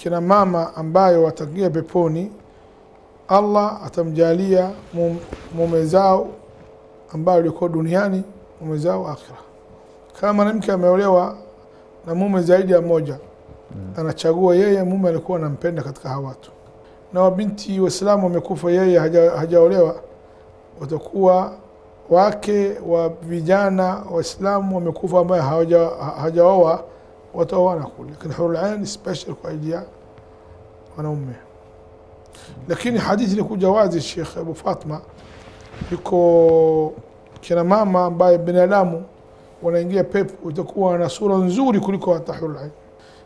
kina mama ambayo wataingia peponi, Allah atamjalia mume zao ambayo alikuwa duniani mume zao akhira. Kama mwanamke ameolewa na mume zaidi ya moja, mm. anachagua yeye mume alikuwa anampenda katika hawa watu, na wabinti Waislamu wamekufa yeye haja, hajaolewa, watakuwa wake wa vijana Waislamu wamekufa ambayo hawajaoa haja watoa wanakuwa, lakini huru ain special kwa ajili ya wanaume. Lakini hadithi ilikuja wazi, Sheikh Abu Fatma, iko kina mama ambaye binadamu wanaingia pepo, itakuwa na sura nzuri kuliko hata hurul ain.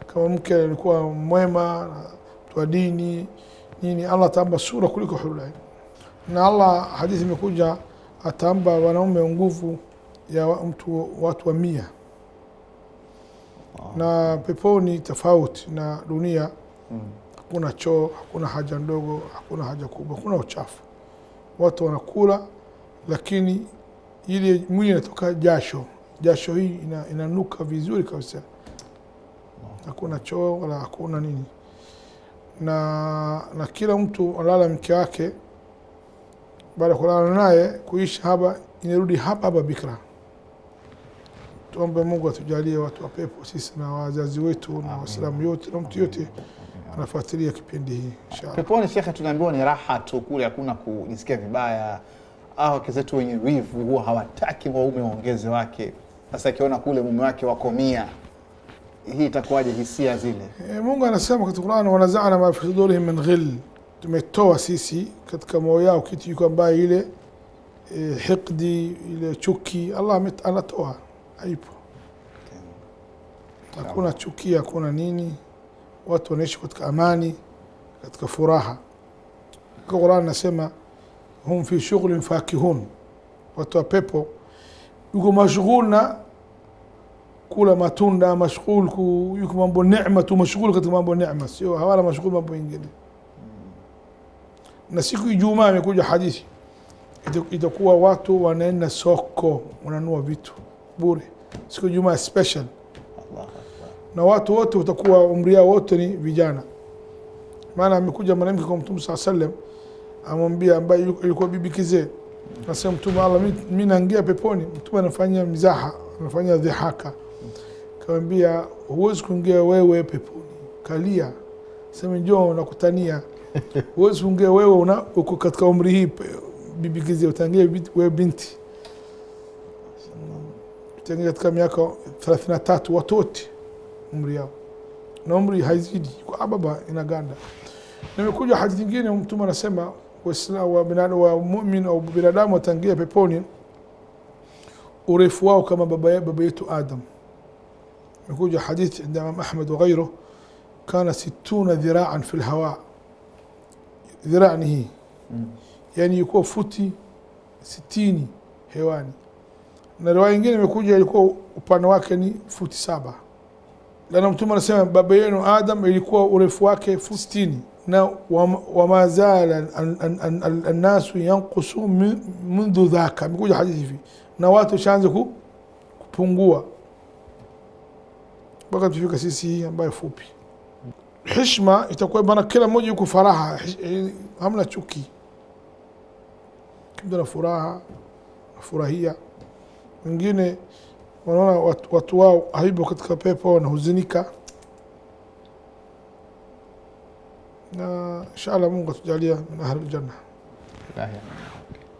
Kama mke alikuwa mwema, mtu wa dini nini, Allah ataamba sura kuliko huru ain, na Allah hadithi imekuja ataamba wanaume nguvu ya mtu watu wa mia na peponi tofauti na dunia mm. Hakuna choo, hakuna haja ndogo, hakuna haja kubwa, hakuna uchafu. Watu wanakula, lakini ile mwili inatoka jasho. Jasho hii ina, inanuka vizuri kabisa, hakuna choo wala hakuna nini, na na kila mtu analala mke wake, baada ya kulala naye kuisha hapa, inarudi hapa hapa bikra Tuombe Mungu atujalie watu wa pepo sisi na wazazi wetu na Waislamu yote na mtu yote anafuatilia kipindi hii inshallah. Peponi shekhe, tunaambiwa ni raha tu kule, hakuna kujisikia vibaya. Au wake zetu wenye wivu huwa hawataki waume waongeze wake. Sasa akiona kule mume wake wako mia, hii itakuwaje hisia zile? E, Mungu anasema katika Qur'an, wanazana ma fi sudurihim min ghil, tumetoa sisi katika moyo yao kitu ambaye ile e, eh, hikdi ile chuki Allah anatoa haipo okay. Hakuna chuki, hakuna nini, watu wanaishi katika amani, katika furaha. Qur'an nasema hum fi shughlin fakihun, watu wa pepo yuko mashghul na kula matunda, mashghul ku yuko mambo neema tu, mashghul katika mambo neema, sio hawala mashghul mambo mengine. Na siku Ijumaa imekuja hadithi itakuwa watu wanaenda soko wananua vitu bure siku ya Ijumaa special na watu wote watakuwa umri yao wote ni vijana. Maana amekuja mwanamke kwa Mtume saa sallam, amwambia ambaye ilikuwa bibi kizee, nasema Mtume, Allah, mi naingia peponi. Mtume anafanya mizaha anafanya dhihaka, kawambia huwezi kuingia wewe peponi, kalia, sema njoo nakutania. Huwezi kuingia wewe, uko katika umri hii bibi kizee, utaingia wewe binti تنجد كم ياكو ثلاثين تات وتوت عمري ياو نعمري هايزيدي كو أبابا إن أغاندا لما يكون جو حديث جيني ومتوما نسمى وإسلام وبنان ومؤمن أو بنادام وتنجية ببوني ورفواه كما ببيت ببي آدم يقول جو حديث عند أمام أحمد وغيره كان ستون ذراعا في الهواء ذراعنه يعني يكون فوتي ستيني هواني na riwaya nyingine imekuja ilikuwa upana wake ni futi saba lana mtume anasema baba yenu Adam ilikuwa urefu wake futi sitini na wamazala annasu yankusu mundhu dhaka, imekuja hadithi hivi, na watu shaanza kupungua mpaka tufika sisi hii ambayo fupi. Hishma itakuwa bana, kila mmoja yuko faraha, hamna chuki, mtu na furaha nafurahia wengine wanaona watu, wao haipo katika pepo, wanahuzinika na insha Allah Mungu atujalia min ahli ljanna